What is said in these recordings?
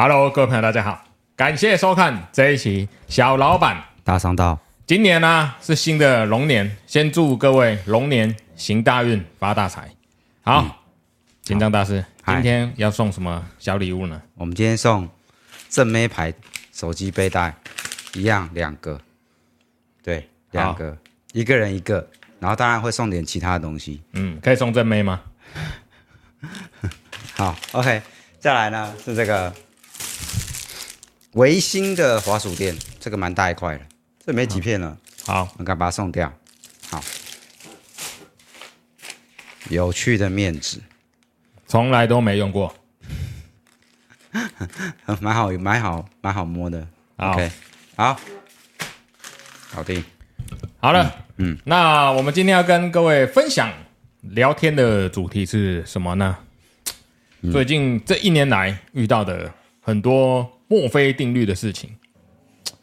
Hello，各位朋友，大家好！感謝收看這一期《小老板大商道》。今年呢、啊、是新的龍年，先祝各位龍年行大運，發大財。好，緊、嗯、張大師，今天要送什麼小禮物呢？我們今天送正妹牌手機背帶，一樣兩個，對，兩個，一個人一個，然後當然會送點其他的東西。嗯，可以送正妹嗎？ 好，OK。再來呢是這個。微星的滑鼠墊，這個蠻大一塊的，這沒幾片了。好，好我剛把它送掉。好，有趣的面紙，從來都沒用過，蠻 好，蠻好，蠻好摸的好。OK，好，搞定。好了嗯，嗯，那我們今天要跟各位分享聊天的主題是什麼呢？嗯、最近這一年來遇到的很多。墨菲定律的事情，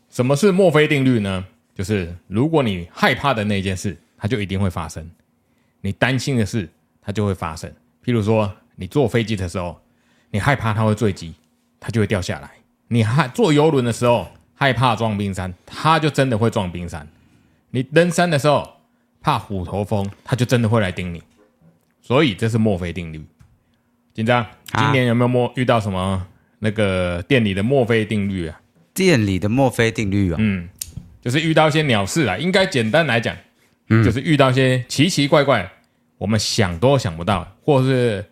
什麼是墨菲定律呢？就是如果你害怕的那件事，它就一定會發生；你擔心的事，它就會發生。譬如說，你坐飛機的時候，你害怕它會墜機，它就會掉下來；你害坐遊輪的時候，害怕撞冰山，它就真的會撞冰山；你登山的時候怕虎頭蜂，它就真的會來叮你。所以這是墨菲定律。緊張，今年有沒有摸，遇到什麼？那個店裡的墨菲定律啊，店裡的墨菲定律啊，嗯，就是遇到一些鳥事啊，應該簡單來講，嗯，就是遇到一些奇奇怪怪，我們想都想不到，或是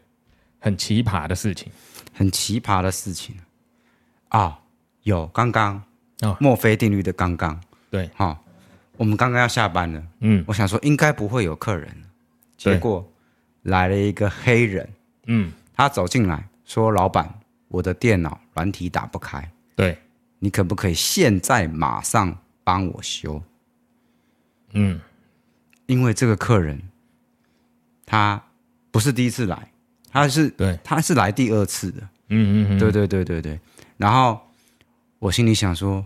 很奇葩的事情，很奇葩的事情，啊，哦，有剛剛墨菲定律的剛剛，哦，對，哈，哦，我們剛剛要下班了，嗯，我想說應該不會有客人，結果來了一個黑人，嗯，他走進來說老闆。我的電腦軟體打不開，對你可不可以現在馬上幫我修？嗯，因為這個客人他不是第一次來，他是對他是來第二次的，嗯嗯嗯，對對對對對。然後我心裡想說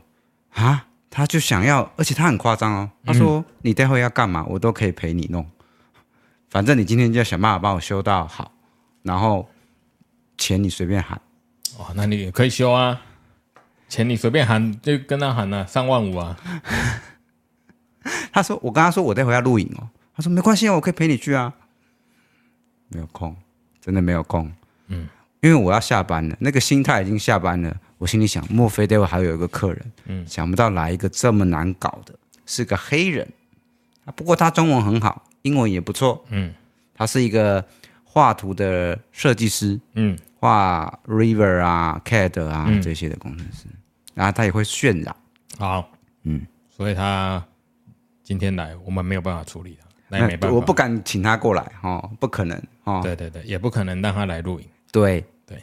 啊，他就想要，而且他很誇張哦，他說、嗯、你待會要幹嘛，我都可以陪你弄，反正你今天就要想辦法幫我修到好，然後錢你隨便喊。哦，那你也可以修啊，錢你隨便喊。就跟他喊了、啊、三萬五啊。他說：“我跟他說我待會要錄影哦。”他說：“沒關係啊，我可以陪你去啊。”沒有空，真的沒有空。嗯，因為我要下班了，那個心態已經下班了。我心裡想，莫非待會還有一個客人？嗯，想不到來一個這麼難搞的，是個黑人。不過他中文很好，英文也不錯。嗯，他是一個畫圖的設計師。嗯。畫 River 啊，CAD 啊、嗯、這些的工程師，然後他也會渲染。好，嗯，所以他今天來，我們沒有辦法處理他，嗯、那也沒辦法。我不敢請他過來哦，不可能哦。對對對，也不可能讓他來錄影。對對，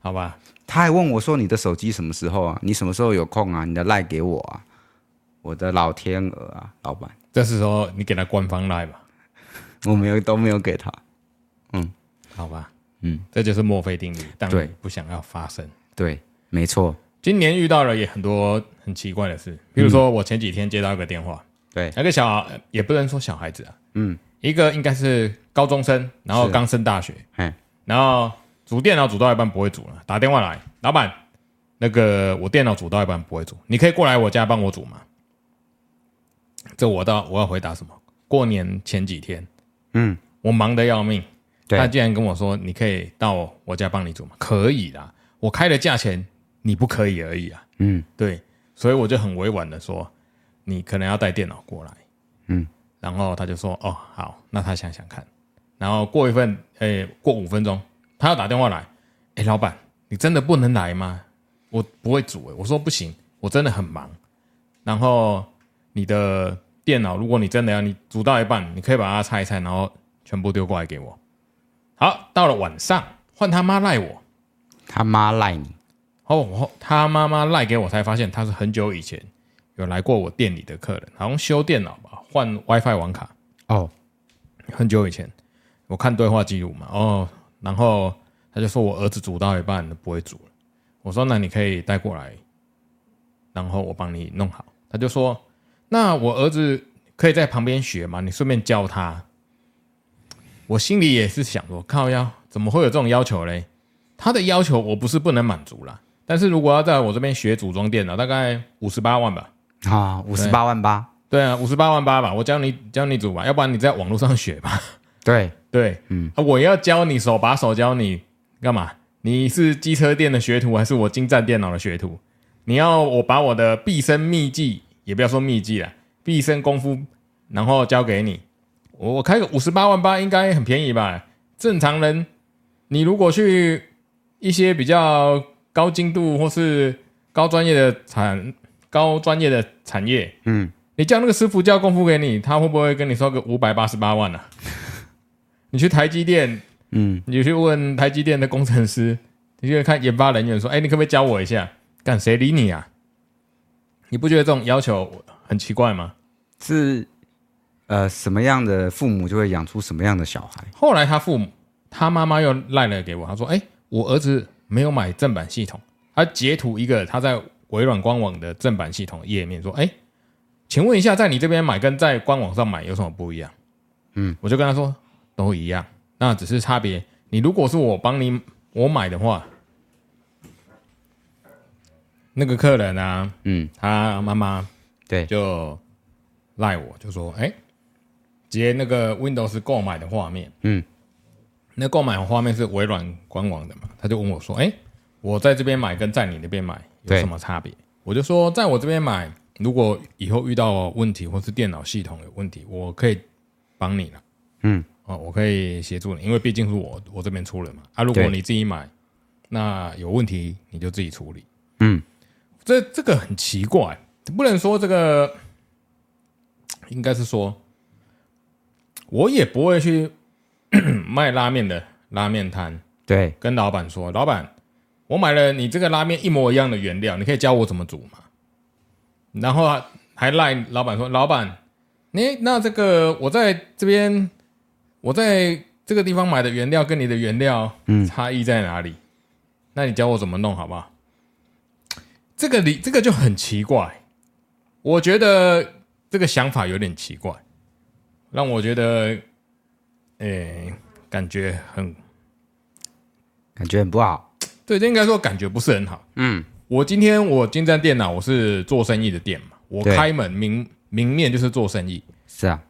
好吧。他還問我說：“你的手機什麼時候啊？你什麼時候有空啊？你的賴給我啊，我的老天鵝啊，老闆。”這是說你給他官方賴吧？ 我沒有，都沒有給他。嗯，好吧。嗯，這就是墨菲定律，但不想要發生。對，沒錯。今年遇到了也很多很奇怪的事，譬如說我前幾天接到一個電話，對、嗯，那個小、呃、也不能說小孩子啊，嗯，一個應該是高中生，然後剛升大學，嗯，然後組電腦組到一半不會組了，打電話來，老闆，那個我電腦組到一半不會組，你可以過來我家幫我組嗎？這我倒，我要回答什麼？過年前幾天，嗯，我忙得要命。他竟然跟我說：“你可以到我家幫你煮嗎？可以啦，我開的價錢你不可以而已啊。嗯，對，所以我就很委婉的說：“你可能要帶電腦過來。”嗯，然後他就說：“哦，好，那他想想看。”然後過一分，誒、欸，過五分鐘，他要打電話來：“哎、欸，老闆，你真的不能來嗎？我不會煮、欸。”我說：“不行，我真的很忙。”然後你的電腦，如果你真的要你煮到一半，你可以把它拆一拆，然後全部丟過來給我。好，到了晚上，換他媽賴我，他媽賴你，哦、oh, oh，他媽媽賴給我才發現他是很久以前有來過我店裡的客人，好像修電腦吧，換 WiFi 網卡，哦、oh，很久以前，我看對話記錄嘛，哦，然後他就說我兒子煮到一半都不會煮，我說那你可以帶過來，然後我幫你弄好，他就說那我兒子可以在旁邊學嘛，你順便教他。我心裡也是想說，靠腰，怎麼會有這種要求嘞？他的要求我不是不能滿足啦，但是如果要在我這邊學組裝電腦，大概五十八萬吧？啊、哦，五十八萬八？對啊，五十八萬八吧。我教你教你組吧，要不然你在網絡上學吧。對對，嗯、啊。我要教你手把手教你幹嘛？你是機車店的學徒，還是我精湛電腦的學徒？你要我把我的畢生秘技，也不要說秘技了，畢生功夫，然後教給你。我開個五十八萬八，應該很便宜吧？正常人，你如果去一些比較高精度或是高專業的產高專業的產業，嗯，你叫那個師傅教功夫給你，他會不會跟你說個五百八十八萬呢、啊？ 你去台積電，嗯，你去問台積電的工程師，你去看研發人員說，哎、欸，你可不可以教我一下？幹誰理你啊？你不覺得這種要求很奇怪嗎？是。呃，什麼樣的父母就會養出什麼樣的小孩。後來他父母，他媽媽又賴了給我，他說：“哎、欸，我兒子沒有買正版系統，他截圖一個他在微軟官網的正版系統頁面，說：哎、欸，請問一下，在你這邊買跟在官網上買有什麼不一樣？嗯，我就跟他說，都一樣，那只是差別。你如果是我幫你我買的話，那個客人啊，嗯，他媽媽對，就賴我就說，哎。欸接那個 Windows 購買的畫面，嗯，那購買的畫面是微軟官網的嘛？他就問我說：“欸，我在這邊買跟在你那邊買有什麼差別？”我就說：“在我這邊買，如果以後遇到問題或是電腦系統有問題，我可以幫你了，嗯，哦，我可以協助你，因為畢竟是我我這邊出了嘛。啊，如果你自己買，那有問題你就自己處理，嗯，這這個很奇怪欸，不能說這個，應該是說。”我也不會去 賣拉麵的拉麵攤，對，跟老闆說：“老闆，我買了你這個拉麵一模一樣的原料，你可以教我怎麼煮嗎？”然後啊，還賴老闆說：“老闆，你、欸、那這個我在這邊，我在這個地方買的原料跟你的原料，嗯，差異在哪裡、嗯？那你教我怎麼弄，好不好？”這個你這個就很奇怪，我覺得這個想法有點奇怪。讓我覺得，誒、欸，感覺很，感覺很不好。對，應該說感覺不是很好。嗯，我今天我精湛電腦，我是做生意的店嘛，我開門明明面就是做生意。是啊，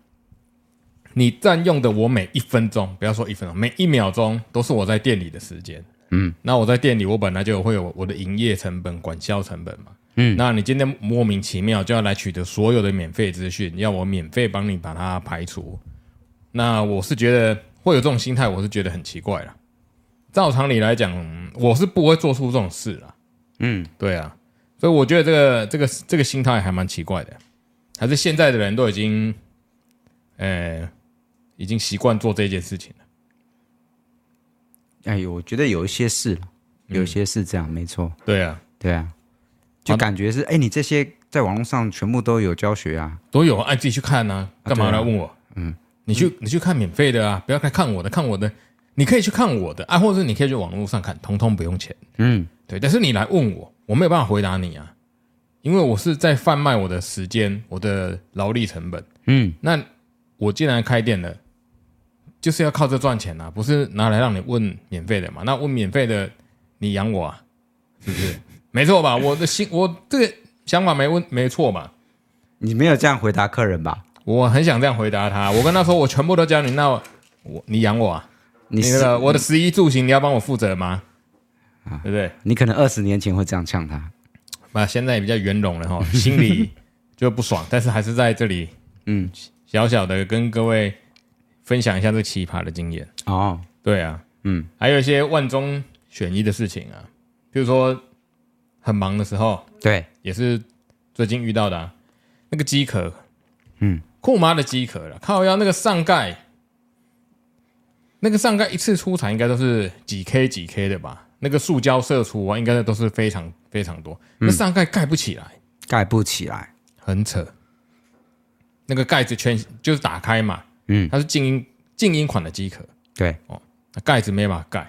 你占用的我每一分鐘，不要說一分鐘，每一秒鐘都是我在店裡的時間。嗯，那我在店裡，我本來就有會有我的營業成本、管銷成本嘛。嗯，那你今天莫名其妙就要來取得所有的免費資訊，要我免費幫你把它排除？那我是覺得會有這種心態，我是覺得很奇怪了。照常理來講，我是不會做出這種事了。嗯，對啊，所以我覺得這個這個這個心態還蠻奇怪的。還是現在的人都已經，呃、欸，已經習慣做這件事情了。哎呦，我覺得有一些事，有些事這樣、嗯、沒錯，對啊，對啊。就感覺是哎、欸，你這些在網絡上全部都有教學啊，都有，啊。自己去看吶、啊，幹嘛來問我？啊啊嗯，你去、嗯、你去看免費的啊，不要看看我的，看我的，你可以去看我的，啊，或者是你可以去網絡上看，通通不用錢。嗯，對，但是你來問我，我沒有辦法回答你啊，因為我是在販賣我的時間，我的勞力成本。嗯，那我既然開店了，就是要靠這賺錢啊，不是拿來讓你問免費的嘛？那問免費的，你養我啊，是不是？ 沒錯吧？我的心，我這個想法沒問沒錯嘛？你沒有這樣回答客人吧？我很想這樣回答他，我跟他說，我全部都教你，那我你養我，啊？你那個我的食衣住行你要幫我負責嗎？啊、對不對？你可能二十年前會這樣嗆他，那、啊、現在也比較圓融了哈、哦，心裡就不爽， 但是還是在這裡，嗯，小小的跟各位分享一下這奇葩的經驗哦，對啊，嗯，還有一些萬中選一的事情啊，譬如說。很忙的時候，對，也是最近遇到的，啊，那個機殼，嗯，酷媽的機殼了。靠要那個上蓋，那個上蓋一次出產應該都是幾 K 幾 K 的吧？那個塑膠射出啊，應該都是非常非常多。嗯，那上蓋蓋不起來，蓋不起來，很扯。那個蓋子全，就是打開嘛，嗯，它是靜音靜音款的機殼，對哦，那蓋子沒辦法蓋，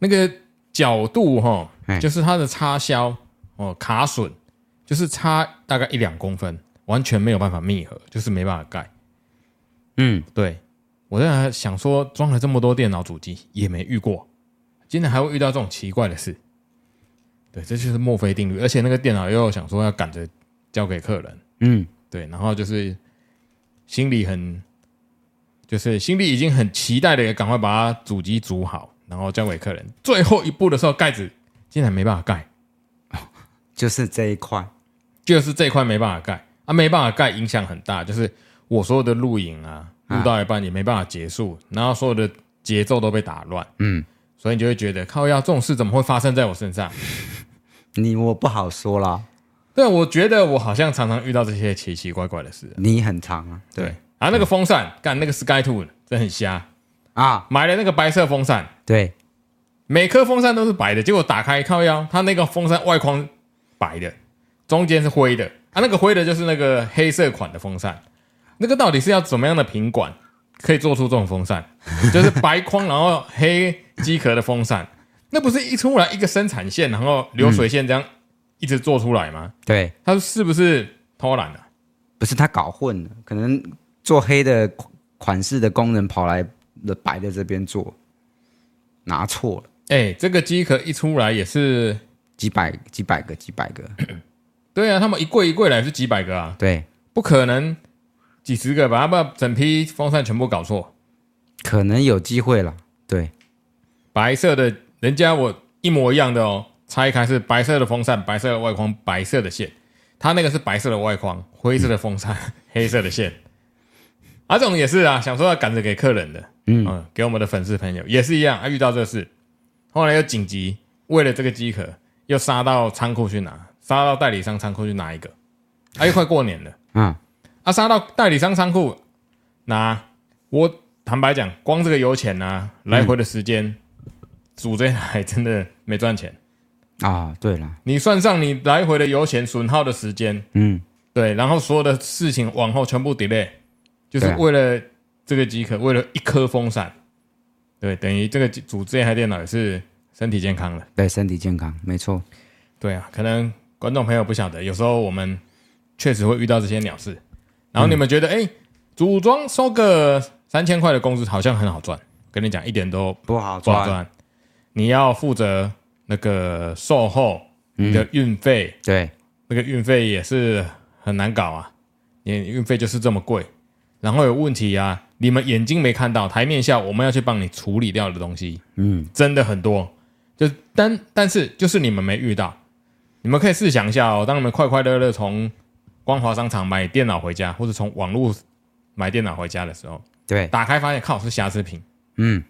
那個角度哈，欸，就是它的插銷。哦，卡榫，就是差大概一兩公分，完全沒有辦法密合，就是沒辦法蓋。嗯，對，我在想說，裝了這麼多電腦主機，也沒遇過，竟然還會遇到這種奇怪的事。對，這就是墨菲定律。而且那個電腦又想說要趕着交給客人。嗯，對，然後就是心裡很，就是心裡已經很期待的，也趕快把它主機組好，然後交給客人。最後一步的時候，蓋子竟然沒辦法蓋。就是這一塊，就是這一塊沒辦法蓋啊，沒辦法蓋，影響很大。就是我所有的錄影啊，錄到一半也沒辦法結束，啊、然後所有的節奏都被打亂。嗯，所以你就會覺得，靠腰，要這種事怎麼會發生在我身上？ 你我不好說啦，對，我覺得我好像常常遇到這些奇奇怪怪的事、啊。你很長啊，對，對啊，那個風扇，幹、嗯、那個 Sky Two 真很瞎啊。買了那個白色風扇，對，每顆風扇都是白的，結果打開，靠腰，它那個風扇外框。白的，中間是灰的，啊，那個灰的就是那個黑色款的風扇，那個到底是要怎麼樣的品管可以做出這種風扇？ 就是白框然後黑機殼的風扇， 那不是一出來一個生產線，然後流水線這樣一直做出來嗎？嗯、對，他是不是偷懶了？不是，他搞混了，可能做黑的款式的工人跑來了白的這邊做，拿錯了。哎、欸，這個機殼一出來也是。幾百幾百個幾百個， 對啊，他們一櫃一櫃來是幾百個啊，對，不可能幾十個，把他把整批風扇全部搞錯，可能有機會了，對，白色的，人家我一模一樣的哦，拆開是白色的風扇，白色的外框，白色的線，他那個是白色的外框，灰色的風扇，嗯、 黑色的線，阿、啊、總也是啊，想說要趕着給客人的嗯，嗯，給我們的粉絲朋友也是一樣啊，遇到這事，後來又緊急為了這個機殼。又殺到倉庫去拿，殺到代理商倉庫去拿一個，啊、又快過年了，嗯，啊，殺到代理商倉庫拿，我坦白講，光這個油錢啊，來回的時間、嗯，組這一台真的沒賺錢，啊，對了，你算上你來回的油錢損耗的時間，嗯，對，然後所有的事情往後全部 delay，就是為了這個機殼，啊、為了一顆風扇，對，等於這個組這台電腦也是。身體健康了，對身體健康，沒錯。對啊，可能觀眾朋友不曉得，有時候我們確實會遇到這些鳥事。然後你們覺得，哎、嗯，組裝收個三千塊的工資，好像很好賺。跟你講，一點都不好賺。不好賺。你要負責那個售後，嗯、你的運費、嗯，對，那個運費也是很難搞啊。你運費就是這麼貴。然後有問題啊，你們眼睛沒看到，台面下我們要去幫你處理掉的東西，嗯，真的很多。就但但是就是你們沒遇到，你們可以試想一下哦，當你們快快樂樂從光華商場買電腦回家，或者從網絡買電腦回家的時候，對，打開發現，靠，是瑕疵品，嗯，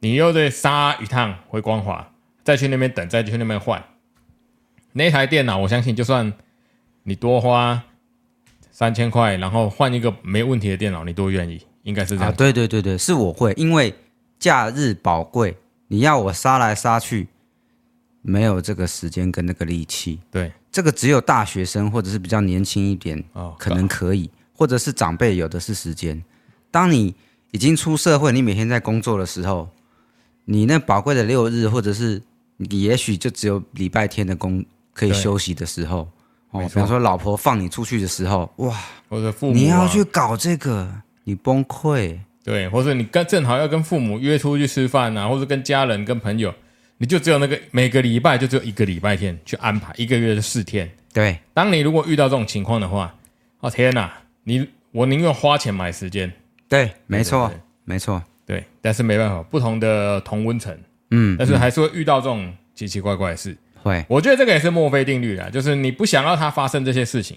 你又得殺一趟回光華，再去那邊等，再去那邊換那台電腦。我相信，就算你多花三千塊，然後換一個沒問題的電腦，你都願意，應該是這樣，啊。對對對對，是我會，因為假日寶貴。你要我殺來殺去，沒有這個時間跟那個力氣。對，這個只有大學生或者是比較年輕一點，哦，可能可以，或者是長輩有的是時間。當你已經出社會，你每天在工作的時候，你那寶貴的六日，或者是你也許就只有禮拜天的工可以休息的時候，哦，比方說老婆放你出去的時候，哇，我的父母啊，你要去搞這個，你崩潰。對，或者你跟正好要跟父母約出去吃飯吶、啊，或者跟家人、跟朋友，你就只有那個每個禮拜就只有一個禮拜天去安排，一個月就四天。對，當你如果遇到這種情況的話，哦天哪，你我寧願花錢買時間。對，沒錯，對對，沒錯，對，但是沒辦法，不同的同溫層，嗯，但是還是會遇到這種奇奇怪怪的事。會、嗯，我覺得這個也是墨菲定律啊，就是你不想要它發生這些事情，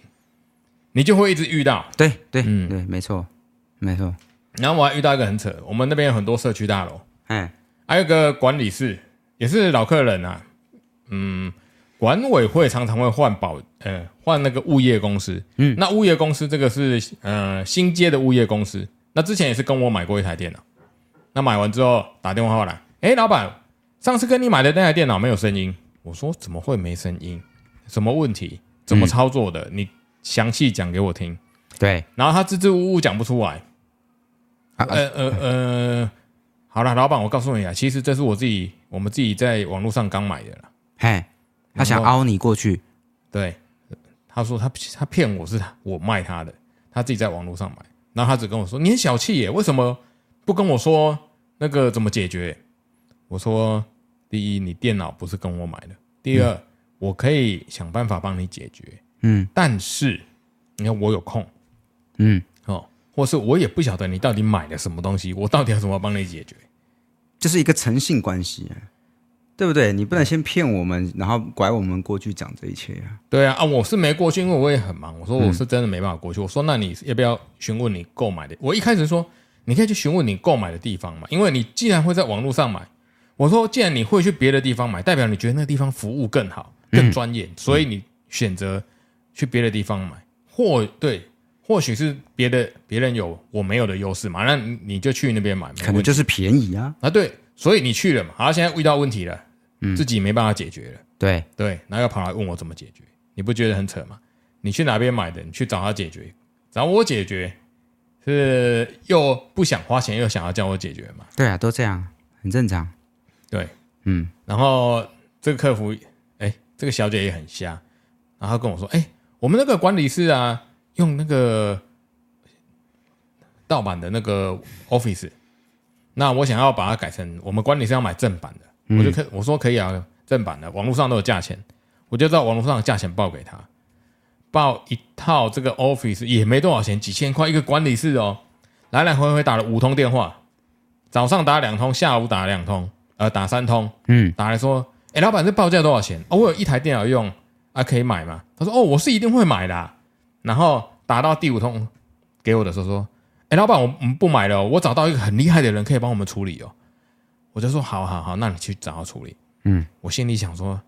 你就會一直遇到。對對，嗯，對，沒錯，沒錯。然後我還遇到一個很扯，我們那邊有很多社區大樓，嗯，還、啊、有個管理室，也是老客人啊，嗯，管委會常常會換保，呃，換那個物業公司，嗯，那物業公司這個是呃新接的物業公司，那之前也是跟我買過一台電腦，那買完之後打電話過來，誒，老闆，上次跟你買的那台電腦沒有聲音。我說怎麼會沒聲音？什麼問題？怎麼操作的、嗯？你詳細講給我聽。對，然後他支支吾吾講不出來。啊、呃呃呃，好了，老闆，我告訴你啊，其實這是我自己，我們自己在網絡上剛買的了。嘿，他想凹你過去，對、呃，他說他他騙我是我賣他的，他自己在網絡上買，然後他只跟我說你很小氣耶，為什麼不跟我說那個怎麼解決？我說第一，你電腦不是跟我買的，第二，嗯、我可以想辦法幫你解決。嗯，但是你看我有空，嗯。或是我也不曉得你到底買了什麼東西，我到底要怎麼幫你解決？這，就是一個誠信關係，對不對？你不能先騙我們，然後拐我們過去講這一切啊！對啊，啊，我是沒過去，因為我也很忙。我說我是真的沒辦法過去。嗯、我說那你要不要詢問你購買的？我一開始說你可以去詢問你購買的地方嘛，因為你既然會在網絡上買，我說既然你會去別的地方買，代表你覺得那個地方服務更好、更專業、嗯，所以你選擇去別的地方買，或對。或許是別的別人有我沒有的優勢嘛，那你就去那邊買沒，可能就是便宜啊啊！對，所以你去了嘛，好、啊，現在遇到問題了，嗯，自己沒辦法解決了，對對，然後又跑來問我怎麼解決，你不覺得很扯嗎？你去哪邊買的？你去找他解決，找我解決，是又不想花錢，又想要叫我解決嘛？對啊，都這樣，很正常。對，嗯，然後這個客服，哎、欸，這個小姐也很瞎，然後跟我說，哎、欸，我們那個管理室啊。用那個盜版的那個 Office，那我想要把它改成我們管理是要買正版的。嗯、我就看我說可以啊，正版的網絡上都有價錢，我就知道網絡上的價錢報給他，報一套這個 Office 也沒多少錢，幾千塊一個管理室哦，來來回回打了五通電話，早上打兩通，下午打兩通，呃，打三通，嗯，打來說，哎、欸，老板這報價多少錢哦，我有一台電腦用啊，可以買嗎？他說哦，我是一定會買的、啊。然後打到第五通給我的時候，說：“哎，老闆，我我不買了，我找到一個很厲害的人可以幫我們處理哦。”我就說：“好好好，那你去找他處理。”嗯，我心裡想說：“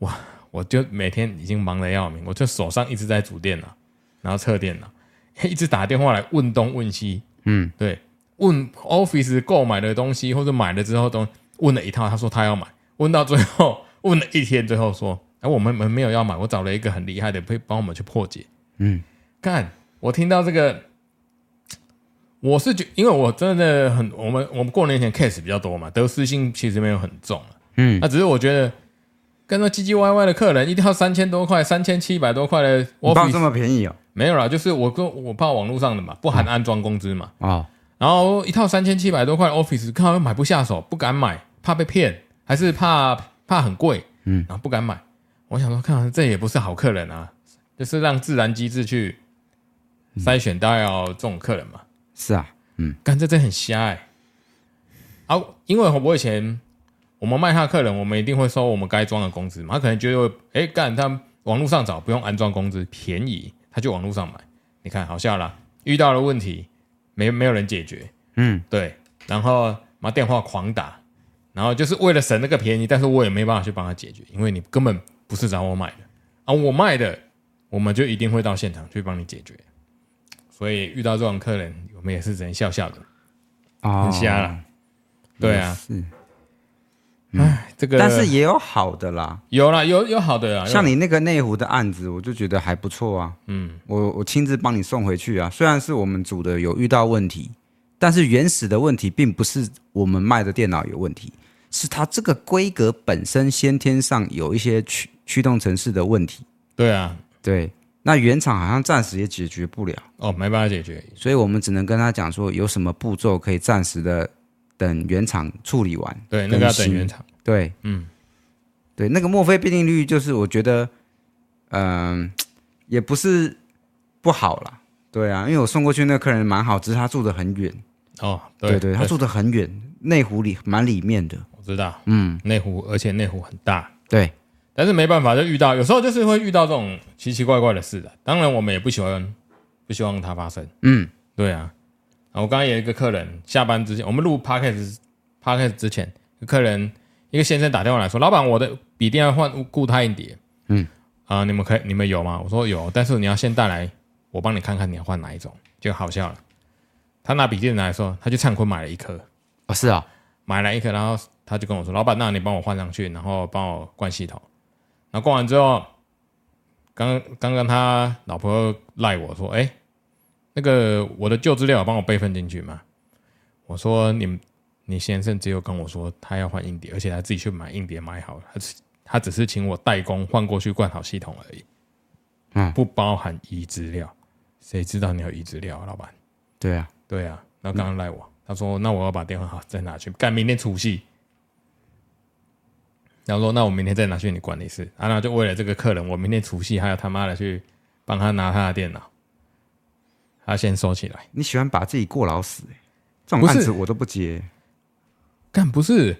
哇，我就每天已經忙得要命，我就手上一直在組電腦，然後測電腦，一直打電話來問東問西。”嗯，對，問 Office 購買的東西或者買了之後都問了一套，他說他要買，問到最後問了一天，最後說。我們沒沒有要買，我找了一個很厲害的，會幫我們去破解。嗯，看我聽到這個，我是覺得，因為我真的很，我們我們過年前 case 比較多嘛，得失心其實沒有很重、啊、嗯，那、啊、只是我覺得，跟那唧唧歪歪的客人一套三千多塊，三千七百多塊的，我怕這麼便宜啊？沒有啦，就是我跟我怕網絡上的嘛，不含安裝工資嘛。啊、嗯，然後一套三千七百多塊 Office，剛好又買不下手，不敢買，怕被騙，還是怕怕很貴？嗯，然後不敢買。我想說，看這也不是好客人啊，就是讓自然機制去篩選到要這種客人嘛。嗯、是啊，嗯，幹這真的很瞎哎、欸。啊，因為我以前我們賣他客人，我們一定會收我們該裝的工資嘛。他可能覺得會，哎、欸，幹他網路上找不用安裝工資便宜，他就網路上買。你看，好笑啦，遇到了問題沒沒有人解決，嗯，對，然後嘛電話狂打，然後就是為了省那個便宜，但是我也沒辦法去幫他解決，因為你根本，不是找我買的啊，我賣的，我們就一定會到現場去幫你解決。所以遇到這種客人，我們也是只能笑笑的，哦、很瞎了。對啊，是、唉。這個，但是也有好的啦，有啦，有有好的啊，像你那個內湖的案子，我就覺得還不錯啊。嗯，我我親自幫你送回去啊。雖然是我們組的有遇到問題，但是原始的問題並不是我們賣的電腦有問題。是他這個規格本身先天上有一些驅驅動程式的問題。對啊，對，那原廠好像暫時也解決不了哦，沒辦法解決，所以我們只能跟他講說有什麼步驟可以暫時的等原廠處理完。對，那個要等原廠。對，嗯，對，那個墨菲必定律就是我覺得，嗯、呃，也不是不好啦。對啊，因為我送過去那個客人蠻好，只是他住的很遠哦，對對，對對，他住的很遠，哎，內湖裡蠻裡面的。不知道，嗯，內湖，而且內湖很大，對，但是沒辦法，就遇到有時候就是會遇到這種奇奇怪怪的事的。當然，我們也不喜歡，不希望它發生。嗯，對啊，我剛剛有一個客人下班之前，我們錄 podcast podcast 之前，客人一個先生打電話來說：“老闆，我的筆電要換固態硬碟。”嗯，啊、呃，你們可以，你們有嗎？我說有，但是你要先帶來，我幫你看看你要換哪一種，就好笑了。他拿筆電來的時候，他去燦坤買了一顆，哦，是啊，買了一顆，然後。他就跟我說：“老闆，那你幫我換上去，然後幫我灌系統。那灌完之後，剛剛剛他老婆賴我說：‘哎、欸，那個我的舊資料有幫我備份進去嗎？’我說你：‘你你先生只有跟我說他要換硬碟，而且他自己去買硬碟買好了，他他只是請我代工換過去，灌好系統而已。’嗯，不包含移資料。誰知道你要移資料、啊，老闆？對啊，對啊。那剛剛賴我、嗯，他說：‘那我要把電話號再拿去，趕明天除夕。’然後說，那我明天再拿去你管理室啊！那就為了這個客人，我明天除夕還要他媽的去幫他拿他的電腦，他、啊、先收起來。你喜歡把自己過勞死、欸？這種案子我都不接。幹不，不是，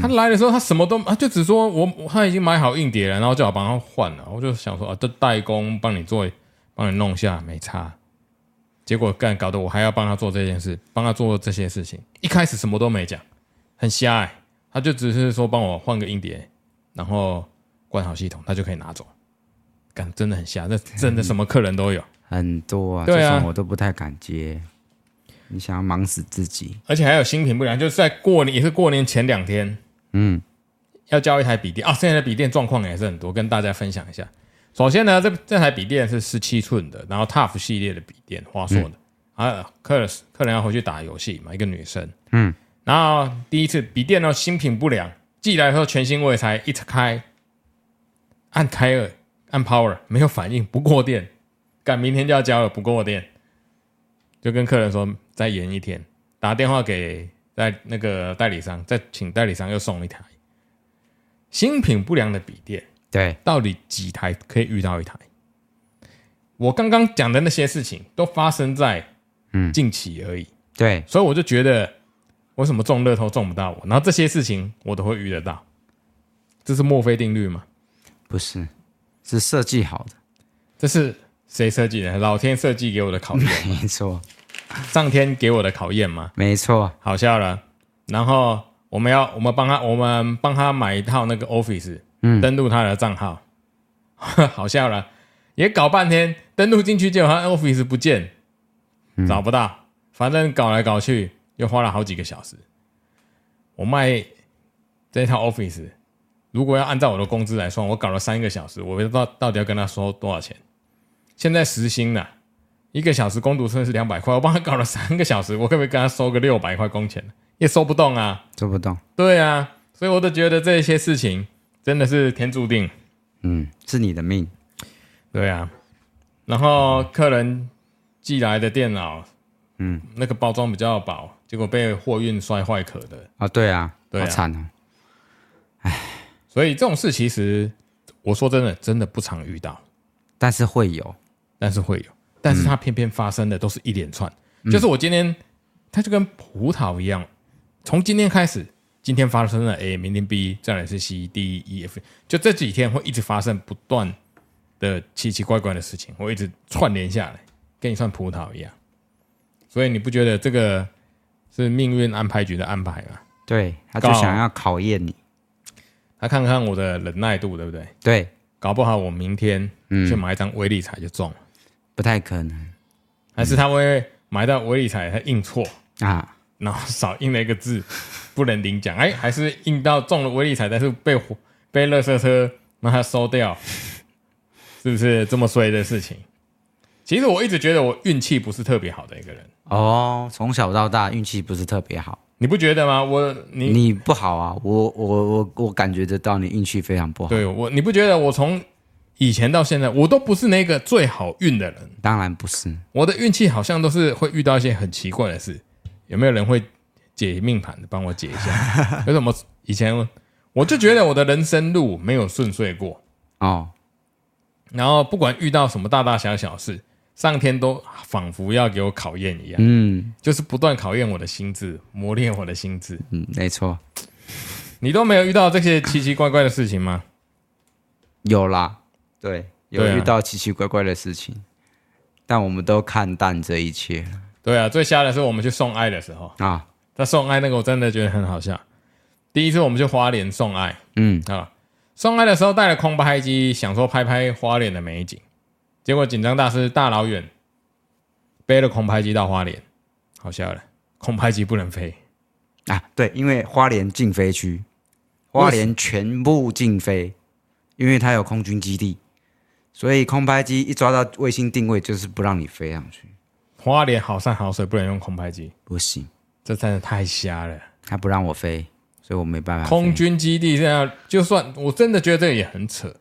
他來的時候他什麼都，啊、嗯、就只說我他已經買好硬碟了，然後叫我幫他換了。我就想說啊，這代工幫你做，幫你弄一下沒差。結果幹搞得我還要幫他做這件事，幫他做這些事情。一開始什麼都沒講，很瞎、欸。他就只是說幫我換個硬碟，然後關好系統，他就可以拿走。感覺真的很嚇人，真的什麼客人都有，很多、啊，對啊，我都不太敢接。你想要忙死自己，而且還有新品不良，就是在過年也是過年前兩天。嗯，要交一台筆電啊，現在的筆電狀況也是很多，跟大家分享一下。首先呢，這這台筆電是十七寸的，然後 TUF 系列的筆電，華碩的、嗯、啊，s 客人要回去打遊戲嘛，一個女生，嗯。然後第一次筆電呢、哦，新品不良，寄來後全新我也才一開，按開了，按 power 沒有反應，不過電，趕明天就要交了，不過電，就跟客人說再延一天，打電話給在那個代理商，再請代理商又送一台，新品不良的筆電，對，到底幾台可以遇到一台？我剛剛講的那些事情都發生在近期而已、嗯，對，所以我就覺得。為什麼中樂透中不到我？然後這些事情我都會遇得到，這是墨菲定律嗎？不是，是設計好的。這是誰設計的？老天設計給我的考驗。沒錯，上天給我的考驗嗎？沒錯，好笑了。然後我們要，我們幫他，我們幫他買一套那個 Office，嗯，登錄他的賬號。好笑了，也搞半天，登錄進去就好像 Office 不見，找不到，嗯，反正搞來搞去。又花了好幾個小時，我賣這套 Office，如果要按照我的工資來算，我搞了三個小時，我不知道到底要跟他收多少錢。現在時薪呢、啊，一個小時工讀算是兩百塊，我幫他搞了三個小時，我可不可以跟他收個六百塊工錢？也收不動啊，收不動。對啊，所以我都覺得這些事情真的是天注定，嗯，是你的命，對啊。然後客人寄來的電腦，嗯，那個包裝比較薄。結果被貨運摔壞殼的啊，對啊！對啊，好慘哦，啊！唉，所以這種事其實，我說真的，真的不常遇到，但是會有，但是會有，嗯、但是它偏偏發生的都是一連串，嗯、就是我今天，它就跟葡萄一樣，嗯，從今天開始，今天發生了 A，明天 B，再來是 C、D、E、F，就這幾天會一直發生不斷的奇奇怪怪的事情，我一直串聯下來，嗯、跟你串葡萄一樣，所以你不覺得這個？是命運安排局的安排嘛？對，他就想要考驗你，他看看我的忍耐度，對不對？對，搞不好我明天去買一張威力彩就中了，不太可能。還是他會買到威力彩，他印錯啊、嗯，然後少印了一個字，不能領獎。哎、欸，還是印到中了威力彩，但是被被垃圾車讓他收掉，是不是這麼衰的事情？其實我一直覺得我運氣不是特別好的一個人哦，從小到大運氣不是特別好，你不覺得嗎？我你你不好啊，我我我我感覺得到你運氣非常不好。對，我你不覺得我從以前到現在我都不是那個最好運的人？當然不是，我的運氣好像都是會遇到一些很奇怪的事。有沒有人會解命盤的？幫我解一下， 有什麼？以前我就覺得我的人生路沒有順遂過哦，然後不管遇到什麼大大小小事。上天都仿佛要給我考驗一樣，嗯，就是不斷考驗我的心智，磨練我的心智。嗯，沒錯。你都沒有遇到這些奇奇怪怪的事情嗎？有啦，對，有遇到奇奇怪怪的事情，啊、但我們都看淡這一切。對啊，最瞎的是我們去送愛的時候啊。在送愛那個，我真的覺得很好笑。第一次我們去花蓮送愛，嗯啊，送愛的時候帶了空拍機，想說拍拍花蓮的美景。結果緊張大師大老遠背了空拍機到花蓮，好笑了，空拍機不能飛啊！對，因為花蓮禁飛區，花蓮全部禁飛，因為它有空軍基地，所以空拍機一抓到衛星定位，就是不讓你飛上去。花蓮好山好水，不能用空拍機，不行，這真的太瞎了。他不讓我飛，所以我沒辦法。空軍基地這樣，就算我真的覺得這個也很扯。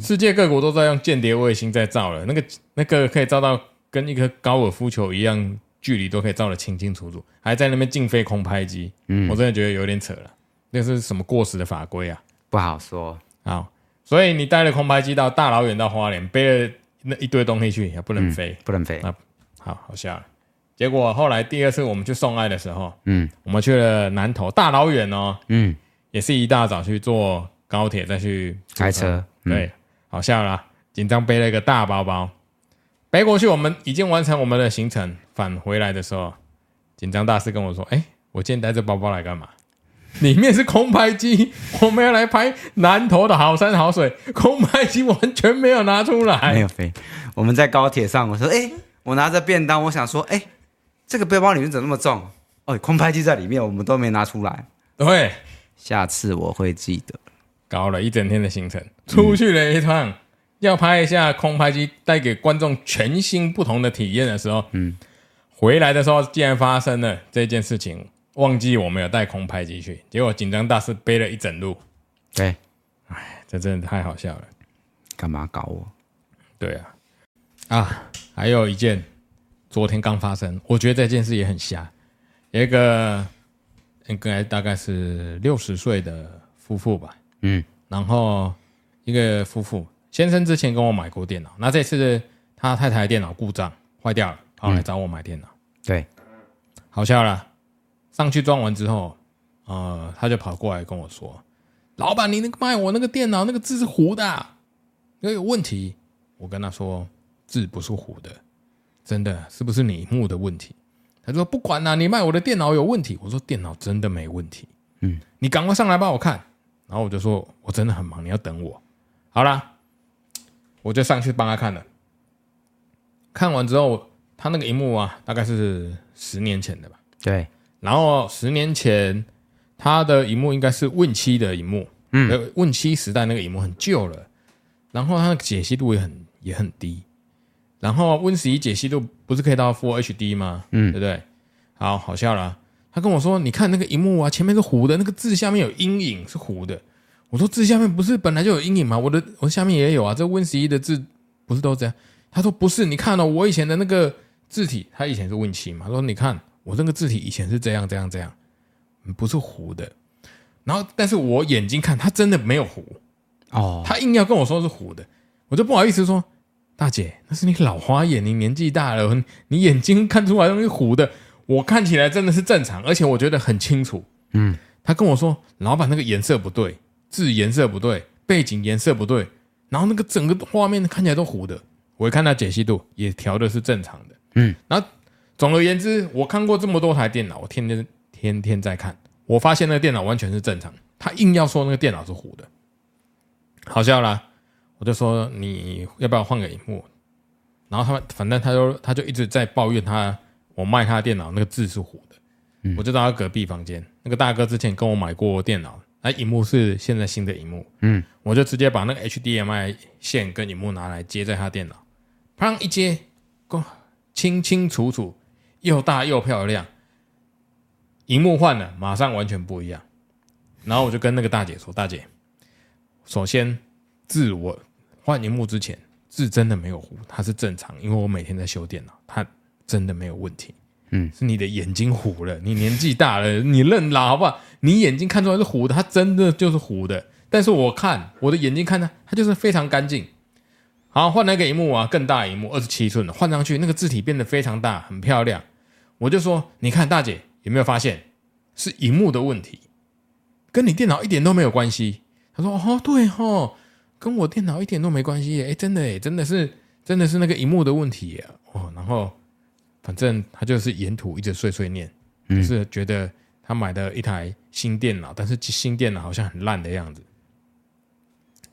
世界各國都在用間諜衛星在照了，那個那個可以照到跟一顆高爾夫球一樣距離，都可以照得清清楚楚，還在那邊禁飛空拍機。嗯，我真的覺得有點扯了，那是什麼過時的法規啊？不好說啊。所以你帶了空拍機到大老遠到花蓮，背了那一堆東西去，也不能飛，嗯、不能飛。那好好笑了。結果後來第二次我們去送愛的時候，嗯，我們去了南投，大老遠哦，嗯，也是一大早去坐高鐵再去開車。嗯、對，好笑啊，緊張背了一個大包包，背過去，我們已經完成我們的行程。返回來的時候，緊張大師跟我說：“哎、欸，我今天帶着包包來幹嘛？裡面是空拍機， 我們要來拍南投的好山好水。空拍機完全沒有拿出來，沒有飛。我們在高鐵上，我說：哎、欸，我拿着便當，我想說：哎、欸，這個背包裡面怎麼那麼重？哦、欸，空拍機在裡面，我們都沒拿出來。對，下次我會記得。”搞了一整天的行程，出去了一趟，嗯、要拍一下空拍機，帶給觀眾全新不同的體驗的時候，嗯，回來的時候竟然發生了這件事情，忘記我沒有帶空拍機去，結果緊張大師背了一整路，對、欸，哎，這真的太好笑了，幹嘛搞我？對啊，啊，還有一件昨天剛發生，我覺得這件事也很瞎，有一個應該大概是六十歲的夫婦吧。嗯，然後一個夫婦先生之前跟我買過電腦，那這次他太太的電腦故障壞掉了，跑來找我買電腦，嗯。對，好笑了。上去裝完之後，呃，他就跑過來跟我說：“老闆，你那個賣我那個電腦那個字是糊的，啊，要有問題。”我跟他說：“字不是糊的，真的，是不是你目的問題？”他說：“不管了，啊，你賣我的電腦有問題。”我說：“電腦真的沒問題。”嗯，你趕快上來幫我看。然後我就說，我真的很忙，你要等我。好了，我就上去幫他看了。看完之後，他那個螢幕啊，大概是十年前的吧。對。然後十年前他的螢幕應該是 Win 七的螢幕，嗯，Win 七時代那個螢幕很舊了，然後它的解析度也很也很低。然後 Win 十一解析度不是可以到 Full HD 嗎？嗯，對不對？好好笑了。他跟我說：“你看那個熒幕啊，前面是糊的，那個字下面有陰影，是糊的。”我說：“字下面不是本來就有陰影嗎？我的我下面也有啊，這 Win 十一的字不是都這樣？”他說：“不是，你看了、哦、我以前的那個字體，他以前是 Win 七嘛？他說你看我那個字體以前是這樣這樣這樣，你不是糊的。然後，但是我眼睛看，他真的沒有糊哦。他、oh。硬要跟我說是糊的，我就不好意思說，大姐，那是你老花眼，你年紀大了你，你眼睛看出來容易糊的。”我看起來真的是正常，而且我覺得很清楚。嗯，他跟我說，老闆那個顏色不對，字顏色不對，背景顏色不對，然後那個整個畫面看起來都糊的。我一看他解析度也調的是正常的。嗯，然後總而言之，我看過這麼多台電腦，我天天天天在看，我發現那個電腦完全是正常。他硬要說那個電腦是糊的，好笑啦。我就說你要不要換個熒幕？然後他們反正他就他就一直在抱怨他，我賣他的電腦，那個字是糊的。嗯、我就到他隔壁房間，那個大哥之前跟我買過電腦，那、欸、螢幕是現在新的螢幕。嗯，我就直接把那個 HDMI 線跟螢幕拿來接在他電腦，砰一接，過清清楚楚，又大又漂亮。螢幕換了，馬上完全不一樣。然後我就跟那個大姐說：“大姐，首先字我換螢幕之前字真的沒有糊，它是正常，因為我每天在修電腦，它。”真的沒有問題，嗯，是你的眼睛糊了，你年紀大了，你認老，好不好？你眼睛看出來是糊的，它真的就是糊的。但是我看我的眼睛看它，它就是非常乾淨。好，換了一個熒幕啊，更大熒幕，二十七寸的，換上去那個字體變得非常大，很漂亮。我就說，你看大姐有沒有發現，是熒幕的問題，跟你電腦一點都沒有關係。他說：哦，對哦，跟我電腦一點都沒關係、欸。哎、欸，真的、欸、真的是，真的是那個熒幕的問題、啊、哦，然後。反正他就是沿途一直碎碎念，嗯、就是覺得他買的一台新電腦，但是新電腦好像很爛的樣子。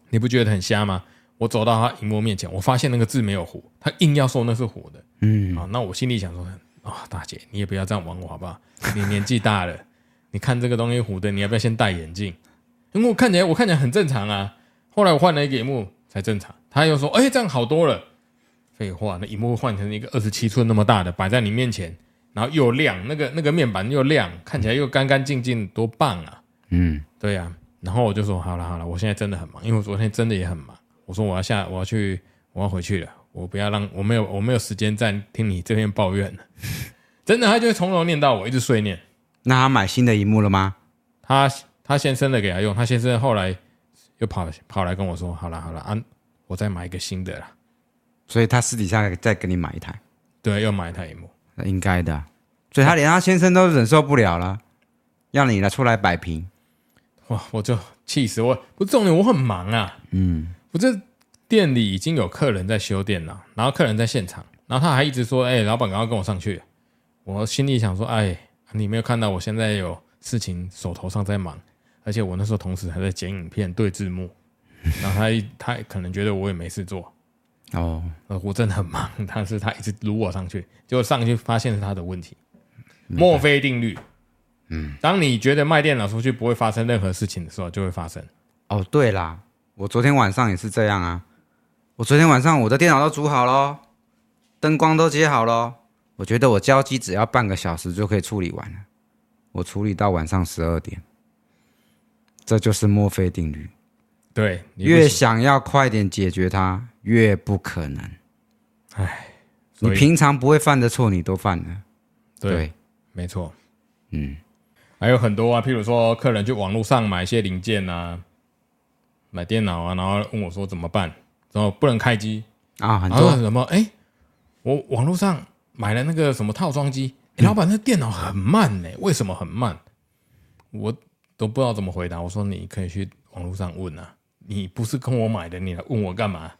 你不覺得很瞎嗎？我走到他熒幕面前，我發現那個字沒有糊，他硬要說那是糊的。嗯，好，那我心裡想說，啊、哦，大姐，你也不要這樣玩我好不好？你年紀大了， 你看這個東西糊的，你要不要先戴眼鏡？因為我看起來我看起來很正常啊。後來我換了一個螢幕才正常，他又說，哎、欸，這樣好多了。廢話，那螢幕換成一個二十七寸那麼大的擺在你面前，然後又亮，那個那個面板又亮，看起來又乾乾淨淨，多棒啊！嗯，對呀、啊。然後我就說：好了好了，我現在真的很忙，因為我昨天真的也很忙。我說我要下，我要去，我要回去了，我不要讓我沒有我沒有時間再聽你這邊抱怨了。真的，他就從頭念到我一直碎念。那他買新的螢幕了嗎？他他先生的給他用，他先生後來又跑跑來跟我說：好了好了，啊，我再買一個新的啦。所以他私底下再給你買一台，對，又買一台螢幕，那應該的。所以他連他先生都忍受不了了，要、啊、你拿出來擺平。哇！我就氣死我！我重點我很忙啊，嗯，我這店裡已經有客人在修電腦，然後客人在現場，然後他還一直說：“哎、欸，老闆剛剛跟我上去。”我心裡想說：“哎，你沒有看到我現在有事情，手頭上在忙，而且我那時候同時還在剪影片、對字幕。 ”然後他他可能覺得我也沒事做。哦，我真的很忙，但是他一直擼我上去，結果上去發現是他的問題。墨菲定律，嗯，當你覺得賣電腦出去不會發生任何事情的時候，就會發生。哦，對啦，我昨天晚上也是這樣啊。我昨天晚上我的電腦都煮好咯，燈光都接好咯，我覺得我交機只要半個小時就可以處理完了。我處理到晚上十二點，這就是墨菲定律。對，你越想要快點解決它。越不可能唉，唉，你平常不會犯的錯，你都犯了對。對，沒錯。嗯，還有很多啊，譬如說，客人去網絡上買一些零件啊，買電腦啊，然後問我說怎麼辦，然後不能開機啊，還有什麼？哎，我網絡上買了那個什麼套裝機。老闆，那電腦很慢呢。欸嗯，為什麼很慢？我都不知道怎麼回答。我說你可以去網絡上問啊，你不是跟我買的，你來問我幹嘛？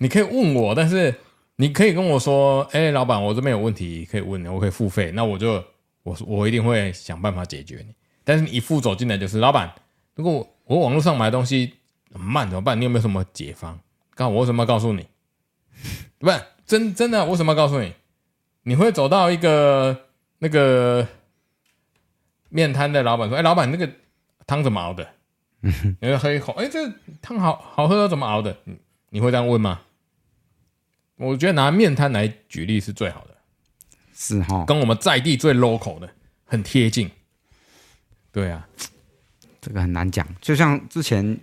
你可以問我，但是你可以跟我說：“哎、欸，老闆，我這邊有問題可以問你，我可以付費。”那我就我我一定會想辦法解決你。但是你一副走進來就是：“老闆，如果我，我網絡上買東西很、嗯、慢怎麼辦？你有沒有什麼解方？”剛好我為什麼要告訴你？對吧，真的真的，我為什麼要告訴你？你會走到一個那個麵攤的老闆說：“哎，老闆，那個湯、欸那個、怎麼熬的？你會喝一口。哎，這湯好好喝，怎麼熬的？你會這樣問嗎？”我覺得拿麵攤來舉例是最好的，是齁，跟我們在地最 local 的，很貼近。對啊，這個很難講。就像之前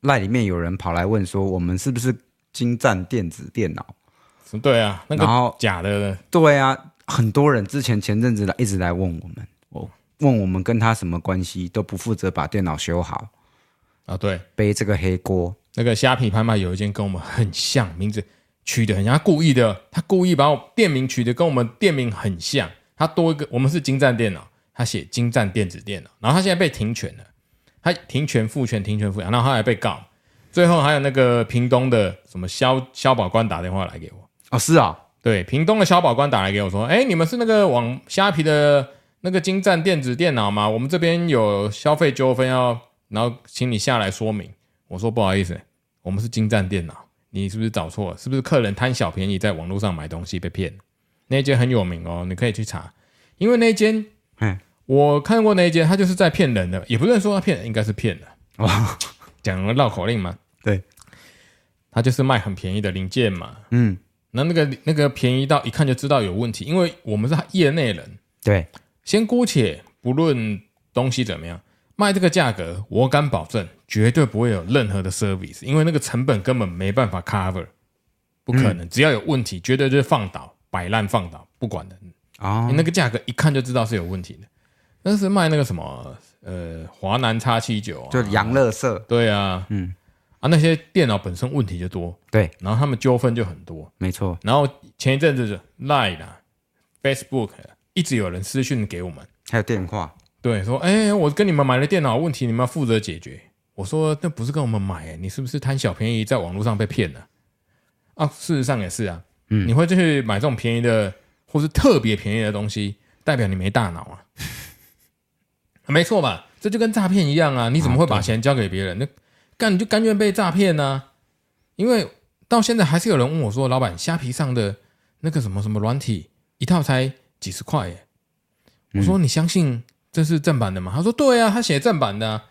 賴裡面有人跑來問說，我們是不是精湛電子電腦？對啊，那個、然後假的呢。對啊，很多人之前前陣子來一直來問我們，我問我們跟他什麼關係，都不負責把電腦修好啊。對，背這個黑鍋。那個蝦皮拍賣有一間跟我們很像，名字。取的很像，故意的，他故意把我店名取的跟我們店名很像，他多一個，我們是精湛電腦，他寫精湛電子電腦，然後他現在被停權了，他停權復權停權復權，然後他還被告，最後還有那個屏東的什麼消消保官打電話來給我，啊、哦、是啊，對，屏東的消保官打來給我，說，哎，你們是那個網蝦皮的那個精湛電子電腦嗎？我們這邊有消費糾紛要，然後請你下來說明，我說不好意思，我們是精湛電腦。你是不是找錯了？是不是客人貪小便宜，在網絡上買東西被騙？那間很有名哦，你可以去查。因為那間、嗯，我看過那間，他就是在騙人的，也不能說他騙人，應該是騙的。講個繞口令嘛，對，他就是賣很便宜的零件嘛。嗯，那那個那個便宜到一看就知道有問題，因為我們是業內人。對，先姑且不論東西怎麼樣。賣這個價格，我敢保證，絕對不會有任何的 service，因為那個成本根本沒辦法 cover，不可能。嗯、只要有問題，絕對就是放倒，擺爛放倒，不管的。哦欸、那個價格一看就知道是有問題的。那是賣那個什麼，呃，華南 X79，就洋垃圾。對啊，嗯，啊，那些電腦本身問題就多，對，然後他們糾紛就很多，沒錯。然後前一陣子就，line、啊、Facebook、啊、一直有人私訊給我們，還有電話。對，說，哎、欸，我跟你們買了電腦，問題你們要負責解決。我說，那不是跟我們買、欸，你是不是貪小便宜，在網絡上被騙了啊，啊？事實上也是啊，嗯，你會去買這種便宜的，或是特別便宜的東西，代表你沒大腦啊， 沒錯吧？這就跟詐騙一樣啊！你怎麼會把錢交給別人？啊、那幹你就甘願被詐騙呢、啊？因為到現在還是有人問我說，老闆，蝦皮上的那個什麼什麼軟體，一套才幾十塊耶、欸。我說，你相信？這是正版的嗎？他說：“對啊，他寫正版的啊。”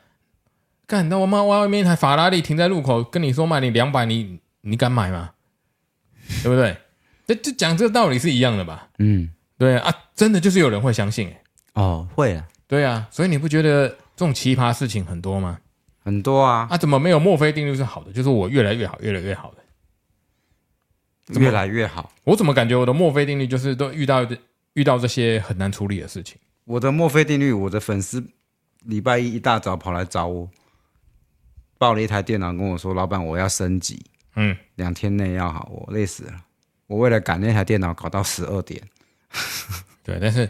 幹，那我媽我外面一台法拉利停在路口，跟你說賣你兩百，你你敢買嗎？對不對？ 這這講這個道理是一樣的吧？嗯，對啊，啊真的就是有人會相信欸。哦，會啊。對啊，所以你不覺得這種奇葩事情很多嗎？很多啊。啊？怎麼沒有墨菲定律是好的？就是我越來越好，越來越好的，的越來越好。我怎麼感覺我的墨菲定律就是都遇到遇到這些很難處理的事情？我的墨菲定律，我的粉絲禮拜一一大早跑來找我，抱了一台電腦跟我說：“老板，我要升級。”嗯，兩天內要好我，我累死了。我為了趕那台電腦，搞到十二點。 對，但是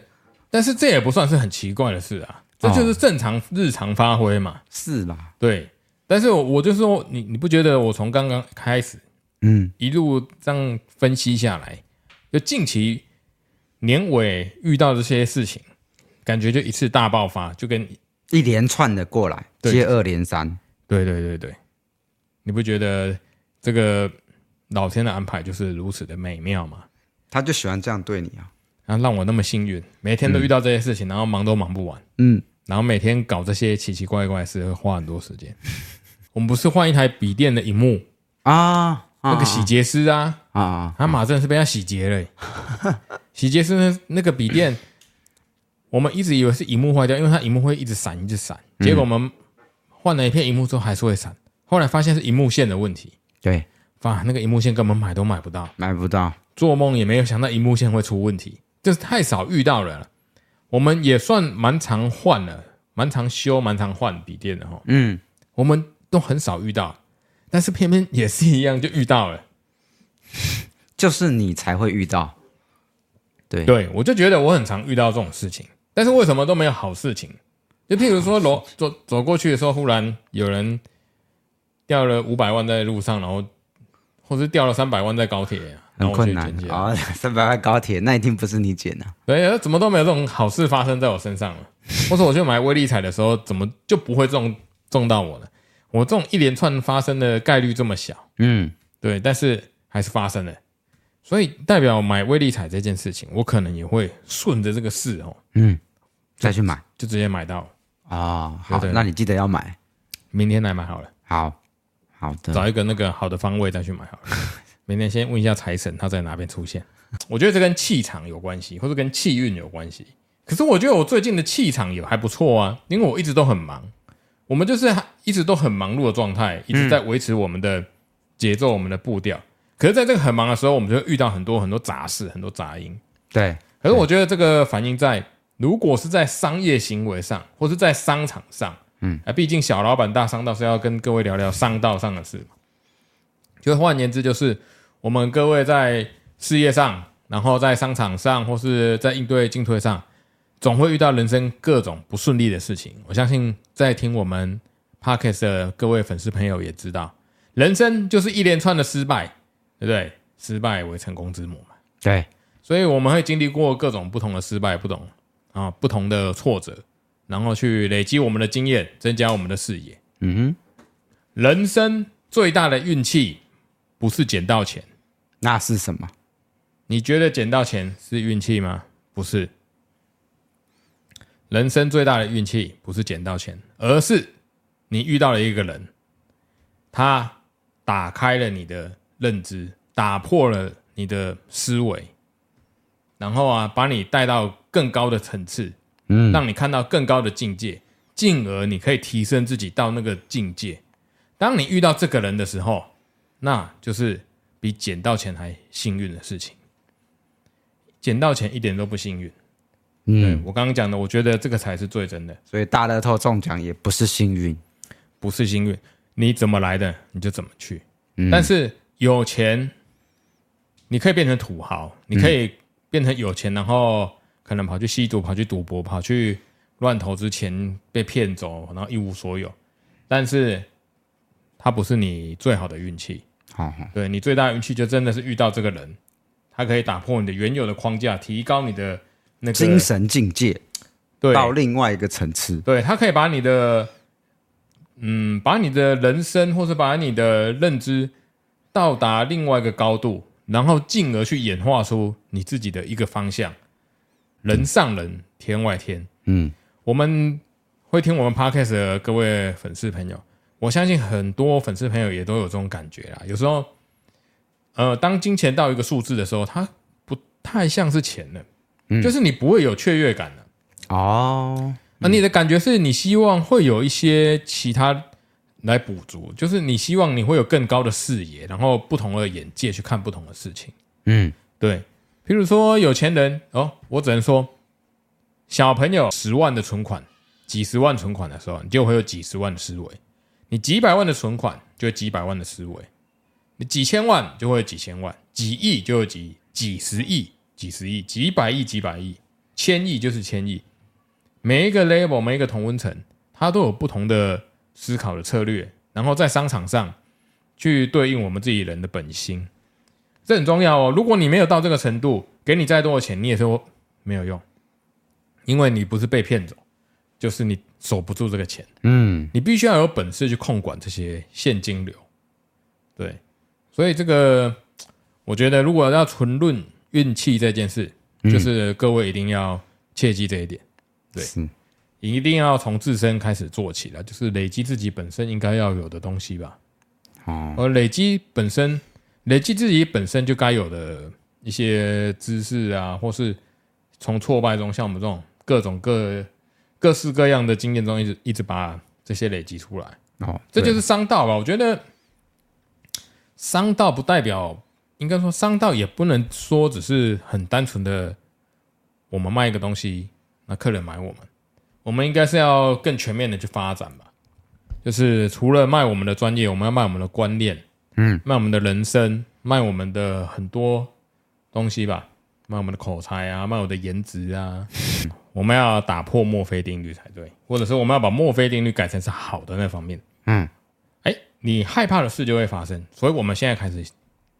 但是這也不算是很奇怪的事啊，這就是正常日常發揮嘛、哦。是啦，對，但是我我就說你你不覺得我從剛剛開始，嗯，一路這樣分析下來，就近期年尾遇到這些事情。感覺就一次大爆發，就跟一,一連串的過來，接二連三，對對對對，你不覺得這個老天的安排就是如此的美妙嗎？他就喜歡這樣對你啊！然、啊、讓我那麼幸運，每天都遇到這些事情、嗯，然後忙都忙不完。嗯，然後每天搞這些奇奇怪怪的事，會花很多時間。 我們不是換一台筆電的螢幕啊，啊？那個洗潔師啊啊！他馬正是被他洗劫了，洗潔師那那個筆電。 我們一直以為是熒幕壞掉，因為它熒幕會一直閃，一直閃。結果我們換了一片熒幕之後，還是會閃。後來發現是熒幕線的問題。對，哇、啊，那個熒幕線根本買都買不到，買不到，做夢也沒有想到熒幕線會出問題，就是太少遇到了。我們也算蠻常換了，蠻常修，蠻常換筆電的哈。嗯，我們都很少遇到，但是偏偏也是一樣就遇到了，就是你才會遇到。對，對，我就覺得我很常遇到這種事情。但是為什麼都沒有好事情？就譬如說走，走走走過去的時候，忽然有人掉了五百萬在路上，然後，或是掉了三百萬在高鐵，很困難啊、哦！三百萬在高鐵，那一定不是你撿的、啊。對啊，怎麼都沒有這種好事發生在我身上了、啊？或者我去買威力彩的時候，怎麼就不會中中到我呢？我這種一連串發生的概率這麼小，嗯，對，但是還是發生了，所以代表買威力彩這件事情，我可能也會順着這個勢哦，嗯。再去買就，就直接買到啊、哦！好，的，那你記得要買，明天來買好了。好好的，找一個那個好的方位再去買好了。 明天先問一下財神他在哪邊出現。 我覺得這跟氣場有關係，或是跟氣運有關係。可是我覺得我最近的氣場也還不錯啊，因為我一直都很忙，我們就是一直都很忙碌的狀態，一直在維持我們的節奏、嗯、我們的步調。可是在這個很忙的時候，我們就會遇到很多很多雜事、很多雜音。對，可是我覺得這個反應在。如果是在商業行為上，或是在商場上，嗯，啊，畢竟小老闆大商道是要跟各位聊聊商道上的事嘛。就換言之，就是我們各位在事業上，然後在商場上，或是在應對進退上，總會遇到人生各種不順利的事情。我相信在聽我們 Podcast 的各位粉絲朋友也知道，人生就是一連串的失敗，對不對？失敗為成功之母嘛。對，所以我們會經歷過各種不同的失敗，不懂。啊、哦，不同的挫折，然後去累積我們的經驗，增加我們的視野。嗯哼，人生最大的運氣不是撿到錢，那是什麼？你覺得撿到錢是運氣嗎？不是，人生最大的運氣不是撿到錢，而是你遇到了一個人，他打開了你的認知，打破了你的思維，然後啊，把你帶到。更高的層次，嗯，讓你看到更高的境界，進而你可以提升自己到那個境界。當你遇到這個人的時候，那就是比撿到錢還幸運的事情。撿到錢一點都不幸運，嗯，我剛剛講的，我覺得這個才是最真的。所以大樂透中獎也不是幸運，不是幸運，你怎麼來的，你就怎麼去，嗯。但是有錢，你可以變成土豪，你可以變成有錢，嗯、然後。可能跑去吸毒，跑去賭博，跑去亂投資錢，被騙走，然後一無所有。但是，他不是你最好的運氣。好、哦哦，對你最大的運氣，就真的是遇到這個人，他可以打破你的原有的框架，提高你的那個精神境界，對，到另外一個層次。對，他可以把你的，嗯，把你的人生，或是把你的認知，到達另外一個高度，然後進而去演化出你自己的一個方向。人上人、嗯，天外天。嗯，我們會聽我們 Podcast 的各位粉絲朋友，我相信很多粉絲朋友也都有這種感覺啦。有時候，呃，當金錢到一個數字的時候，它不太像是錢了，嗯、就是你不會有雀躍感了、啊。哦，那、啊、你的感覺是你希望會有一些其他來補足，就是你希望你會有更高的視野，然後不同的眼界去看不同的事情。嗯，對。比如說有錢人哦，我只能說，小朋友十萬的存款，幾十萬存款的時候，你就會有幾十萬的思維；你幾百萬的存款，就幾百萬的思維；你幾千萬就會有幾千萬，幾億就有幾幾十億、幾十億、幾百億、幾百億、千億就是千億。每一個 label，每一個同溫層，它都有不同的思考的策略，然後在商場上去對應我們自己人的本心。這很重要哦！如果你沒有到這個程度，給你再多的錢，你也是沒有用，因為你不是被騙走，就是你守不住這個錢。嗯，你必須要有本事去控管這些現金流。對，所以這個我覺得，如果要純論運氣這件事，嗯，就是各位一定要切記這一點。對，是，一定要從自身開始做起來，就是累積自己本身應該要有的東西吧。哦，而累積本身。累積自己本身就該有的一些知識啊，或是從挫敗中，像我們這種各種各各式各樣的經驗中，一直一直把這些累積出來。哦，這就是商道吧，我覺得商道不代表，應該說商道也不能說只是很單純的，我們賣一個東西，那客人買我們。我們應該是要更全面的去發展吧，就是除了賣我們的專業，我們要賣我們的觀念。賣我們的人生，賣我們的很多東西吧，賣我們的口才啊，賣我們的顏值啊， 我們要打破墨菲定律才對，或者說我們要把墨菲定律改成是好的那方面。嗯，哎、欸，你害怕的事就會發生，所以我們現在開始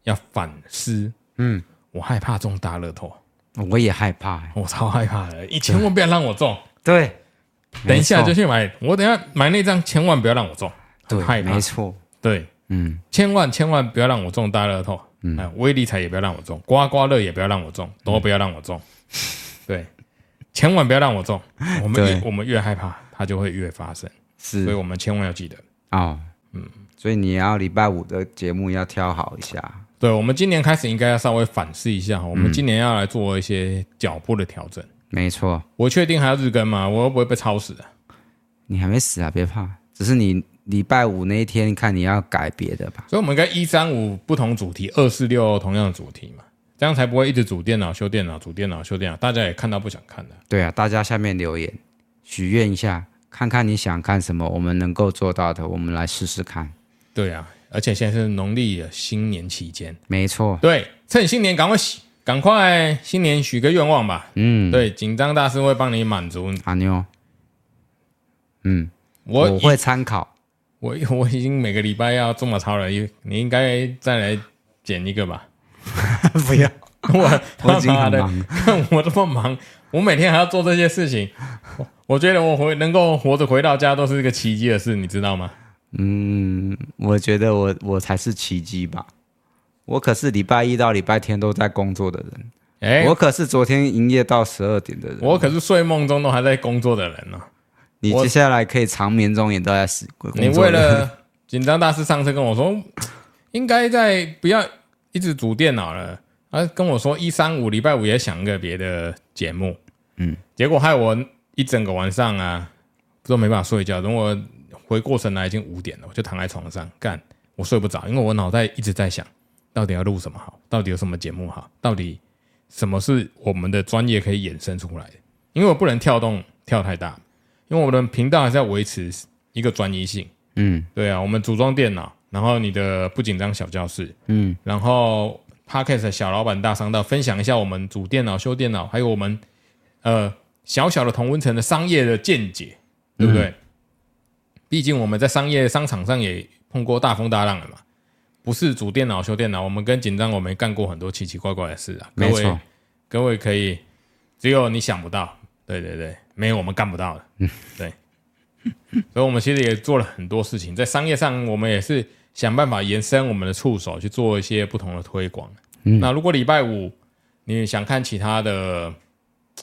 要反思。嗯，我害怕中大樂透，我也害怕、欸，我超害怕的，你千萬不要讓我中。對，對等一下就去買，我等下買那張，千萬不要讓我中。對，沒錯，對。嗯，千萬千萬不要讓我中大樂透，嗯，威力彩也不要讓我中，刮刮樂也不要讓我中，都不要讓我中，嗯、對，千萬不要讓我中，我們越我們越害怕，它就會越發生，是，所以我們千萬要記得啊、哦，嗯，所以你要禮拜五的節目要挑好一下，對，我們今年開始應該要稍微反思一下，我們今年要來做一些腳步的調整，嗯、沒錯，我確定還要日更嗎？我又不會被抄死的、啊，你還沒死啊，別怕，只是你。禮拜五那一天看你要改別的吧，所以我們應該一三五不同主題，二四六同樣的主題嘛，這樣才不會一直煮電腦、修電腦、煮電腦、修電腦，大家也看到不想看的。對啊，大家下面留言許願一下，看看你想看什麼，我們能夠做到的，我們來試試看。對啊，而且現在是農曆的新年期間，沒錯，對，趁新年趕快、趕快新年許個願望吧。嗯，對，緊張大師會幫你滿足阿妞、嗯。嗯，我，我會參考。我我已經每個禮拜要這麼操了，你應該再來剪一個吧？ 不要， 我我真的很忙，我這麼忙，我每天還要做這些事情，我，我覺得我回能夠活着回到家都是一個奇蹟的事，你知道嗎？嗯，我覺得我我才是奇蹟吧，我可是禮拜一到禮拜天都在工作的人，哎、欸，我可是昨天營業到十二點的人，我可是睡夢中都還在工作的人呢。喔。你接下來可以長眠中也都要死，你為了緊張大師上次跟我說，應該在不要一直組電腦了，啊，跟我說一三五禮拜五也想一個別的節目，嗯，結果害我一整個晚上啊，都沒辦法睡覺。等我回過神來已經五點了，我就躺在床上幹，我睡不着，因為我腦袋一直在想，到底要錄什麼好，到底有什麼節目好，到底什麼是我們的專業可以衍生出來的？因為我不能跳動，跳太大。因為我們的頻道還在維持一個轉移性，嗯，對啊，我們組裝電腦，然後你的不緊張小教室，嗯，然後 Podcast 小老闆大商道分享一下我們組電腦、修電腦，還有我們呃小小的同溫層的商業的見解，對不對、嗯？畢竟我們在商業商場上也碰過大風大浪了嘛，不是組電腦修電腦，我們跟緊張，我們幹過很多奇奇怪怪的事啊，各位，各位可以，只有你想不到，對對對。沒有，我們幹不到的。對， 所以我們其實也做了很多事情，在商業上，我們也是想辦法延伸我們的觸手去做一些不同的推廣、嗯。那如果禮拜五你想看其他的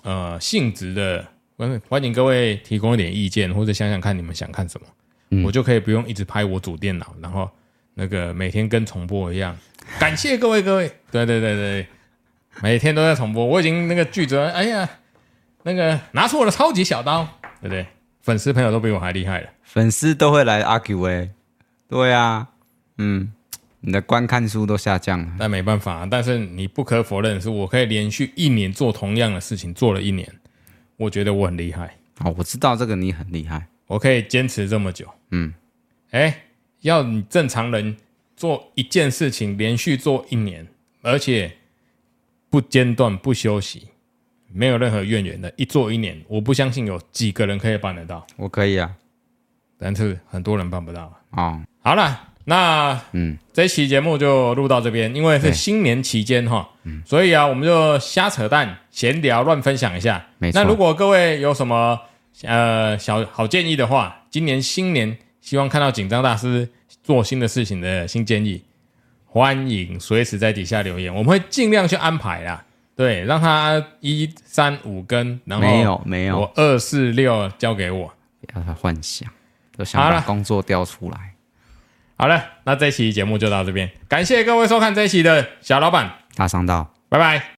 呃性質的，歡迎各位提供一點意見，或者想想看你們想看什麼、嗯，我就可以不用一直拍我主電腦，然後那個每天跟重播一樣。感謝各位，各位，對對對對，每天都在重播，我已經那個劇責，哎呀。那個拿出我的超級小刀，對不對？粉絲朋友都比我還厲害了。粉絲都會來 argue，誒。對呀，啊，嗯，你的觀看數都下降了，但沒辦法啊。但是你不可否認，是我可以連續一年做同樣的事情，做了一年，我覺得我很厲害。哦，我知道這個你很厲害，我可以堅持這麼久。嗯，哎，要你正常人做一件事情，連續做一年，而且不間斷、不休息。沒有任何怨言的，一做一年，我不相信有幾個人可以辦得到。我可以啊，但是很多人辦不到啊、哦。好了，那嗯，這期節目就錄到這邊，因為是新年期間哈、哦嗯，所以啊，我們就瞎扯淡、閒聊、亂分享一下。沒錯。那如果各位有什麼呃小好建議的話，今年新年希望看到精湛大師做新的事情的新建議，歡迎隨時在底下留言，我們會盡量去安排啦。對，讓他一三五根，然後沒有沒有，我二四六交給我，讓他幻想，都想把工作調出來好。好了，那這期節目就到這邊，感謝各位收看這一期的小老闆大商道，拜拜。